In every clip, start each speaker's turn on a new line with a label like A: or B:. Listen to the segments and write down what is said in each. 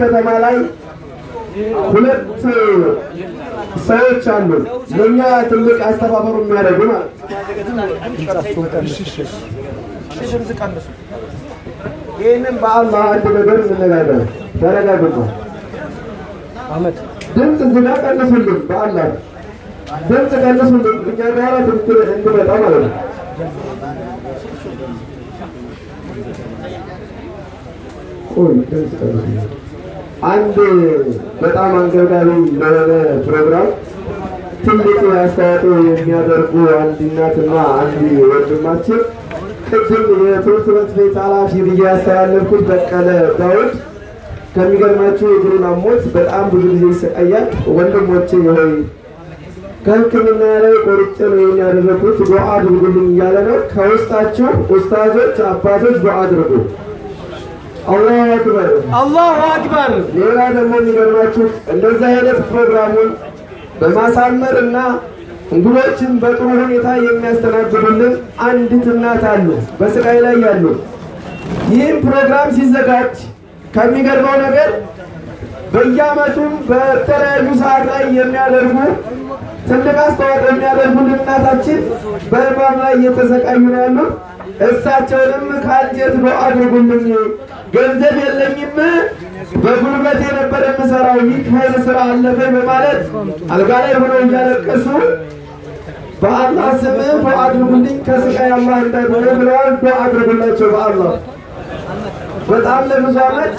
A: ከተማ ላይ ሁለት ሰዎች አሉ። ለእኛ ትልቅ አስተባበሩ የሚያደርጉ ማለት ይህንም በአላህ አንድ ነገር እንነጋገር። ተረጋግጡ። ድምፅ ዝጋ፣ ቀንሱልን። በአላህ ድምፅ ቀንሱልን። እኛ ጋራ ትክክል እንድመጣ ማለት ነው። ቆይ ድምፅ ቀንሱልን። አንድ በጣም አንገብጋቢ ለሆነ ፕሮግራም ትልቅ አስተዋጽኦ የሚያደርጉ አንድ እናትና አንድ ወንድማችን ቅድም የትምህርት ቤት ኃላፊ ብዬ ያስተላለፍኩት በቀለ ዳውድ ከሚገርማቸው የእግሩን አሞት በጣም ብዙ ጊዜ ይሰቃያል። ወንድሞቼ ሆይ ከሕክምና ላይ ቆርጬ ነው ያደረግኩት አድርጉልኝ እያለ ነው። ከውስጣቸው ኡስታዞች፣ አባቶች ዶ አድርጉ። አላሁ አክበር
B: አላሁ አክበር።
A: ሌላ ደግሞ የሚገርማችሁ እንደዚህ አይነት ፕሮግራሙን በማሳመር እና እንግዶችን በጥሩ ሁኔታ የሚያስተናግዱልን አንዲት እናት አሉ፣ በስቃይ ላይ ያሉ። ይህም ፕሮግራም ሲዘጋጅ ከሚገርመው ነገር በየዓመቱም በተለያዩ ሰዓት ላይ የሚያደርጉ ትልቅ አስተዋጽኦ የሚያደርጉልን እናታችን በህማም ላይ እየተሰቃዩ ነው ያሉት። እሳቸውንም ከአንጀት ነው አድርጉልኝ፣ ገንዘብ የለኝም፣ በጉልበት የነበረ የምሰራው ይህ ስራ አለፈኝ በማለት አልጋ ላይ ሆነው እያለቀሱ በአላህ ስም አድርጉልኝ፣ ከስቃይ አላህ እንዳይሆነ ብለዋል። አድርጉላቸው በአላህ በጣም ለብዙ ዓመት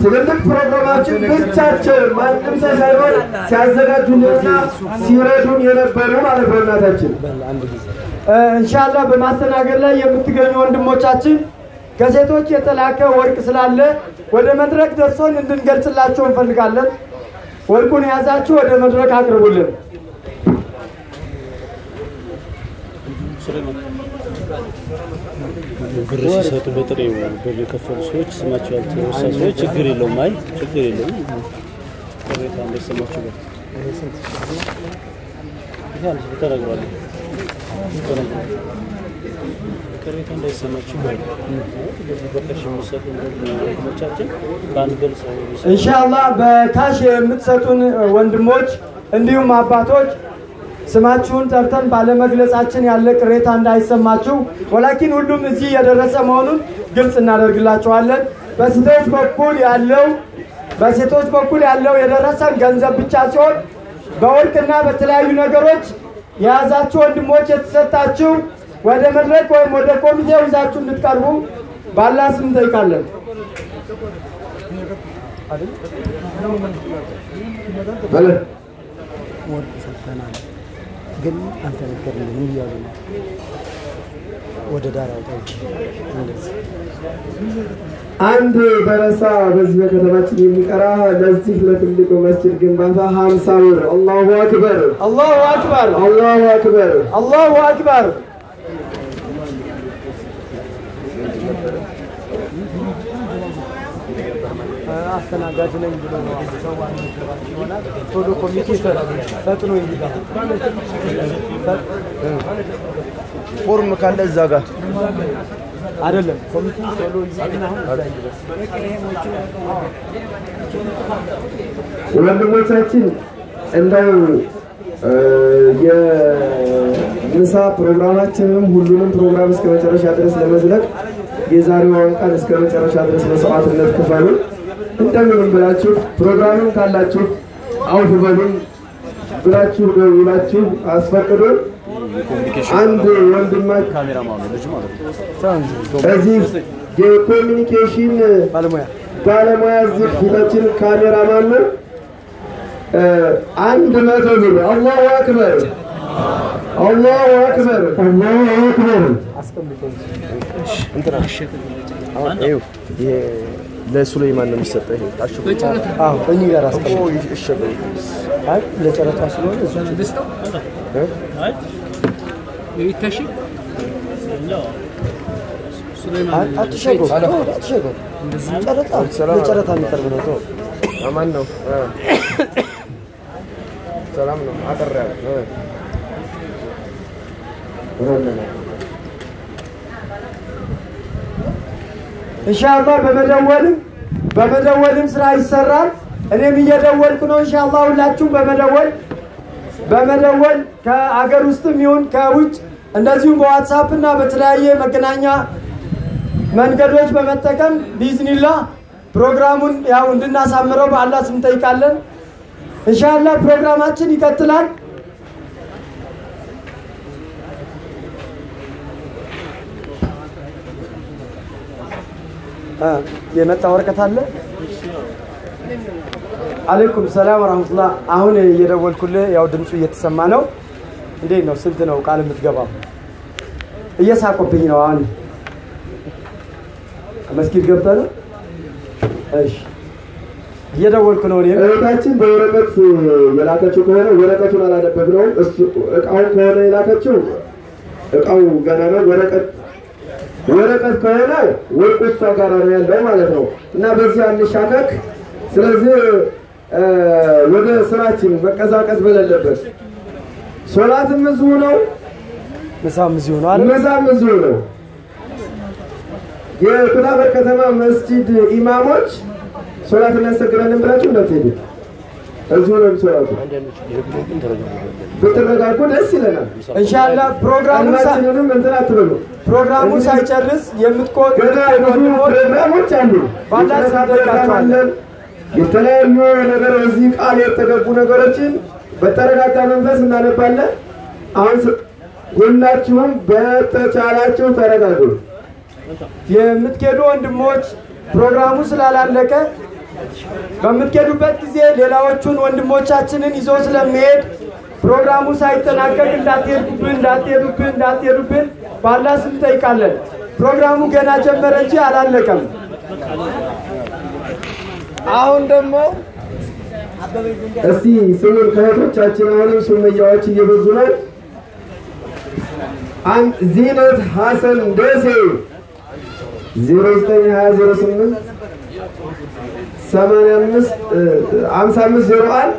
A: ትልልቅ ፕሮግራማችን ብቻቸው ማንም ሰው ሳይሆን ሲያዘጋጁንና ሲረዱን የነበረ ማለት ነው። እናታችን እንሻላ በማስተናገድ ላይ የምትገኙ ወንድሞቻችን ከሴቶች የተላከ ወርቅ ስላለ ወደ መድረክ ደርሶን እንድንገልጽላቸው እንፈልጋለን። ወርቁን የያዛችሁ ወደ መድረክ አቅርቡልን።
B: ብር ሲሰጡ በጥሬ ብር የከፈሉ ሰዎች ስማቸው ያልተወሳ ሰዎች ችግር የለውም። አይ ችግር የለውም። ቅሬታ እንዳይሰማቸው ተነግሯል። ቅሬታ እንዳይሰማቸው በከሽ የሚሰጡ ወንድሞቻችን በአንድ ገልጽ
A: ኢንሻአላህ በታች የምትሰጡን ወንድሞች እንዲሁም አባቶች ስማችሁን ጠርተን ባለመግለጻችን ያለ ቅሬታ እንዳይሰማችሁ፣ ወላኪን ሁሉም እዚህ የደረሰ መሆኑን ግልጽ እናደርግላችኋለን። በሴቶች በኩል ያለው በሴቶች በኩል ያለው የደረሰን ገንዘብ ብቻ ሲሆን በወርቅና በተለያዩ ነገሮች የያዛችሁ ወንድሞች የተሰጣችሁ ወደ መድረክ ወይም ወደ ኮሚቴው ይዛችሁ እንድትቀርቡ ባላ ስም እንጠይቃለን። በለ ግን
B: አልተነገርንም። እያሉ ነው ወደ ዳር አውጣ
A: አንድ በረሳ በዚህ በከተማችን የሚቀራ ለዚህ ለትልቁ መስጅድ ግንባታ ሀምሳ ብር። አላሁ አክበር፣
B: አላሁ አክበር፣
A: አላሁ አክበር፣
B: አላሁ አክበር አስተናጋጅ ነኝ ብሎ ሰው ቶሎ ኮሚቴ ፈጥኖ ፎርም ካለ እዛ ጋር አይደለም ኮሚቴ ቶሎ ይዘግና
A: ወንድሞቻችን እንደው የምሳ ፕሮግራማችንም ሁሉንም ፕሮግራም እስከ መጨረሻ ድረስ ለመዝለቅ የዛሬዋን ቀን እስከ መጨረሻ ድረስ መስዋዕትነት ክፈሉ። እንደምንም ብላችሁ ፕሮግራምም ካላችሁ አውፍ በሉን ብላችሁ ደውላችሁ አስፈቅዱን። አንድ ወንድማችን እዚህ የኮሚኒኬሽን ባለሙያ እዚህ ፊታችን ካሜራማን ነው። አንድ መቶ ብር አላሁ አክበር አላሁ አክበር
B: አላሁ አክበር አሁን ይኸው ይሄ ነው የሚሰጠው። ይሄ እኔ ጋር አስቀምጠው አይ ለጨረታ ስለሆነ እዚህ አይ ለጨረታ የሚቀርብ ነው። ተው አማን ነው። ሰላም ነው። አጠር ያለ ነው
A: እንሻላ በመደወልም በመደወልም ስራ ይሰራል። እኔም እየደወልኩ ነው። እንሻላ ሁላችሁም በመደወል በመደወል ከአገር ውስጥም ይሁን ከውጭ እንደዚሁም በዋትሳፕ እና በተለያየ መገናኛ መንገዶች በመጠቀም ቢዝኒላ ፕሮግራሙን ያው እንድናሳምረው በአላህ ስም እንጠይቃለን። እንሻላ ፕሮግራማችን ይቀጥላል።
B: የመጣ ወረቀት አለ? አለይኩም ሰላም ወራህመቱላህ። አሁን እየደወልኩልህ ያው ድምፁ እየተሰማ ነው። እንዴት ነው? ስንት ነው ቃል የምትገባው? እየሳቁብኝ ነው። አሁን መስጊድ ገብተህ ነው? እሺ እየደወልኩ ነው። እኔ
A: እህታችን በወረቀት የላከችው ከሆነ ወረቀቱን አላነበብነውም። እሱ እቃውን ከሆነ የላከችው እቃው ገና ነው። ወረቀት ወረቀት ከሆነ ወርቁ እሷ ጋር ነው ያለው ማለት ነው እና በዚህ አንሻከክ። ስለዚህ ወደ ስራችን መቀዛቀዝ በሌለበት ሶላትም እዚሁ ነው፣ ምሳም እዚሁ ነው፣ ምሳም እዚሁ ነው። የኩታበር ከተማ መስጂድ ኢማሞች ሶላት እናያሰግረንም ብላችሁ እንዳትሄዱ። እዚሁ ነው የሚሰራቱ። ብትረጋጉ ደስ ይለናል። እንሻላ ፕሮግራማችንንም እንትን አትበሉ። ፕሮግራሙን ሳይጨርስ የምትቆጥ ገና ብዙ ፕሮግራሞች አሉ። ባላሳደቃቸዋለን የተለያዩ ነገር እዚህ ቃል የተገቡ ነገሮችን በተረጋጋ መንፈስ እናነባለን። አሁን ሁላችሁም በተቻላችሁ ተረጋጉ። የምትኬዱ ወንድሞች ፕሮግራሙ ስላላለቀ በምትሄዱበት ጊዜ ሌላዎቹን ወንድሞቻችንን ይዞ ስለሚሄድ ፕሮግራሙ ሳይጠናቀቅ እንዳትሄዱብን እንዳትሄዱብን እንዳትሄዱብን ባላ ስም ጠይቃለን። ፕሮግራሙ ገና ጀመረ እንጂ አላለቀም። አሁን ደግሞ እስቲ ስሙን ከእህቶቻችን አሁንም ሱመያዎች እየበዙ አንድ ዚነት ሀሰን ደሴ 0920 አምሳ አምስት ዜሮ አንድ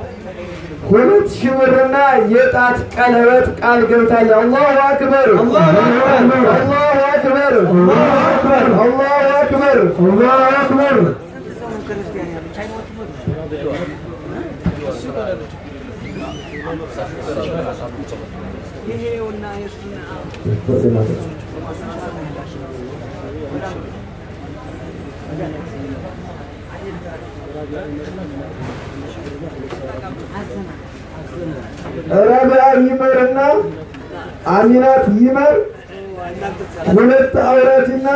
A: ሁለት ሺህ ብርና የጣት ቀለበት ቃል ገብታለሁ። አላሁ አክበር
B: አላሁ አክበር አላሁ አክበር አላሁ አክበር።
A: Thank you. ረብያ ይመርና አሚናት ይመር ሁለት አውራትና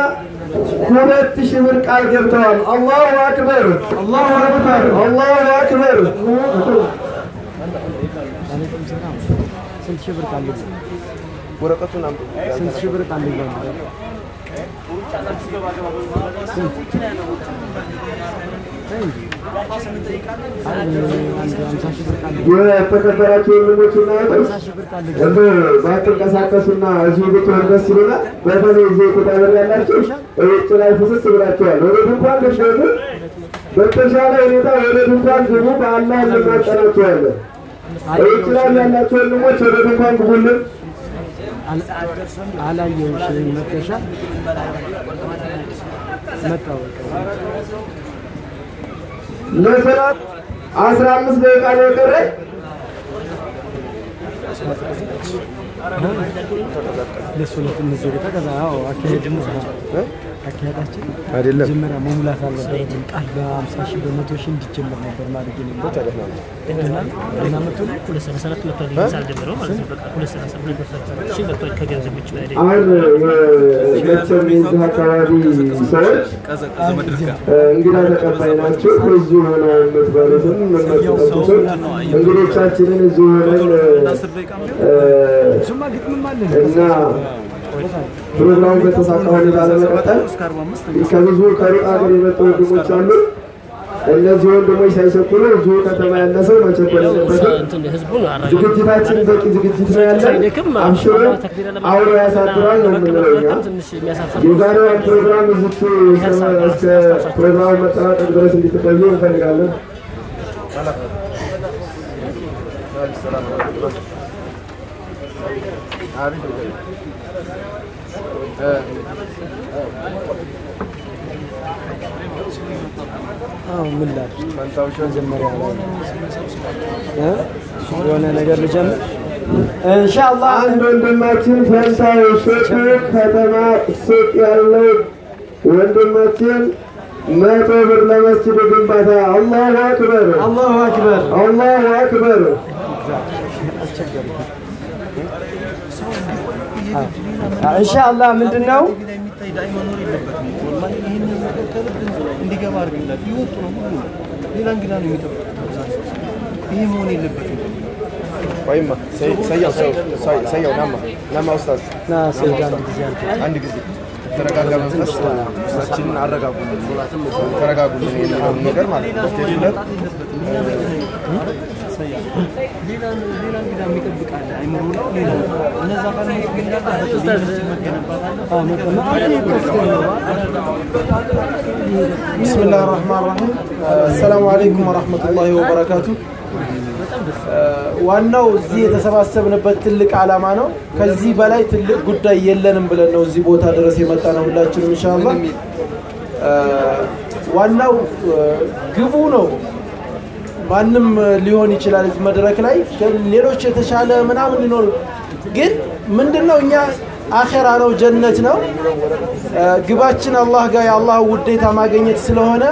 A: ሁለት ሺህ ብር ቃል ገብተዋል። አላሁ አክበር
B: አላሁ አክበር
A: አላሁ አክበር።
B: ስንት ሺህ ብር ቃል ወረቀቱን አምጡ። ስንት ሺህ ብር ቃል ስንት
A: የተከበራቸው ወንድሞችና ባትንቀሳቀሱና እዚሁ ብትሆን ደስ ይለናል። በተለይ እዚህ ቁጣብር ያላችሁ ውጭ ላይ ፍስስ ብላችኋል። ወደ ድንኳን ልትገቡ በተሻለ ሁኔታ ወደ ድንኳን ግቡ። በአላህ እንማጸናችኋለን። ውጭ ላይ ያላችሁ ወንድሞች ወደ ድንኳን ግቡልን።
B: አላየሁሽም መተሻ መጣ
A: ለሰላት አስራ አምስት ደቂቃ ነው የቀረኝ።
B: ለሱ ነው ትንሽ ከዛ አዎ አካሄድ ነው አካሄዳችን አይደለም። መጀመሪያ መሙላት አልነበረብን። ቃል በአምሳ ሺህ በመቶ ሺህ እንዲጀመር ነበር ማድረግ የነበረው አካባቢ እንግዳ ተቀባይ
A: ናቸው። እዚሁ ሆነ የምትበሉትም የምትጠጡትም እንግዶቻችንን እዚሁ ሆነን እና ፕሮግራሙ በተሳካ ሁኔታ ለመቀጠል ከብዙ ከሩቅ ሀገር የመጡ ወንድሞች አሉ። እነዚህ ወንድሞች ሳይቸኩሉ እዚሁ ከተማ ያለ ሰው መቸኮል የለበትም። ዝግጅታችን በቂ ዝግጅት ነው ያለን። አብሽሩ አውሮ ያሳድራል ነው የምንለው እኛ። የዛሬውን ፕሮግራም እዚች እስከ ፕሮግራሙ መጠናቀቅ ድረስ እንድትቆዩ እንፈልጋለን። Thank
B: you. Evet. ምን ላድርግ? መጀመሪያ የሆነ ነገር ልጀምር። እንሻላ
A: አንድ ወንድማችን ፈንታው ሱቅ ከተማ ሱቅ ያለው ወንድማችን መቶ ብር ለመስጅድ ግንባታ አላሁ አክበር
B: አላሁ አክበር
A: አላሁ አክበር አስቸጋሪ
B: ان شاء الله ምንድን ነው እንዲገባ አድርግላት። ይወጡ ነው ሁሉ ሌላ እንግዳ ነው የሚጠብቁት። ይሄ መሆን የለበትም። ወይማ ሰየው ሰየው ናማ ናማ ኡስታዝ ና ሰይድ አንድ ጊዜ አንድ ጊዜ ተረጋጋ መንፈስ ውስጣችንን አረጋጉ ተረጋጉ ነገር ማለት ነው ያሳያል። ራህማን ራሂም። አሰላሙ አለይኩም ወራህመቱላሂ ወበረካቱ። ዋናው እዚህ የተሰባሰብንበት ትልቅ ዓላማ ነው። ከዚህ በላይ ትልቅ ጉዳይ የለንም ብለን ነው እዚህ ቦታ ድረስ የመጣ ነው ሁላችንም ኢንሻአላህ። ዋናው ግቡ ነው ማንም ሊሆን ይችላል። እዚህ መድረክ ላይ ሌሎች የተሻለ ምናምን ሊኖር ግን ምንድነው እኛ አኼራ ነው፣ ጀነት ነው ግባችን አላህ ጋር የአላህ ውዴታ ማግኘት ስለሆነ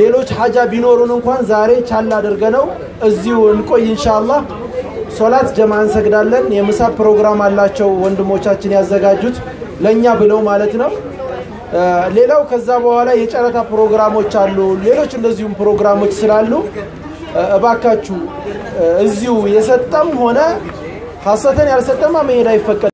B: ሌሎች ሀጃ ቢኖሩን እንኳን ዛሬ ቻል አድርገ ነው እዚሁ እንቆይ። ኢንሻአላህ ሶላት ጀማ እንሰግዳለን። የምሳ ፕሮግራም አላቸው ወንድሞቻችን ያዘጋጁት ለኛ ብለው ማለት ነው። ሌላው ከዛ በኋላ የጨረታ ፕሮግራሞች አሉ። ሌሎች እንደዚሁም ፕሮግራሞች ስላሉ እባካችሁ እዚሁ የሰጠም ሆነ ሀሰተን ያልሰጠማ መሄድ አይፈቀድ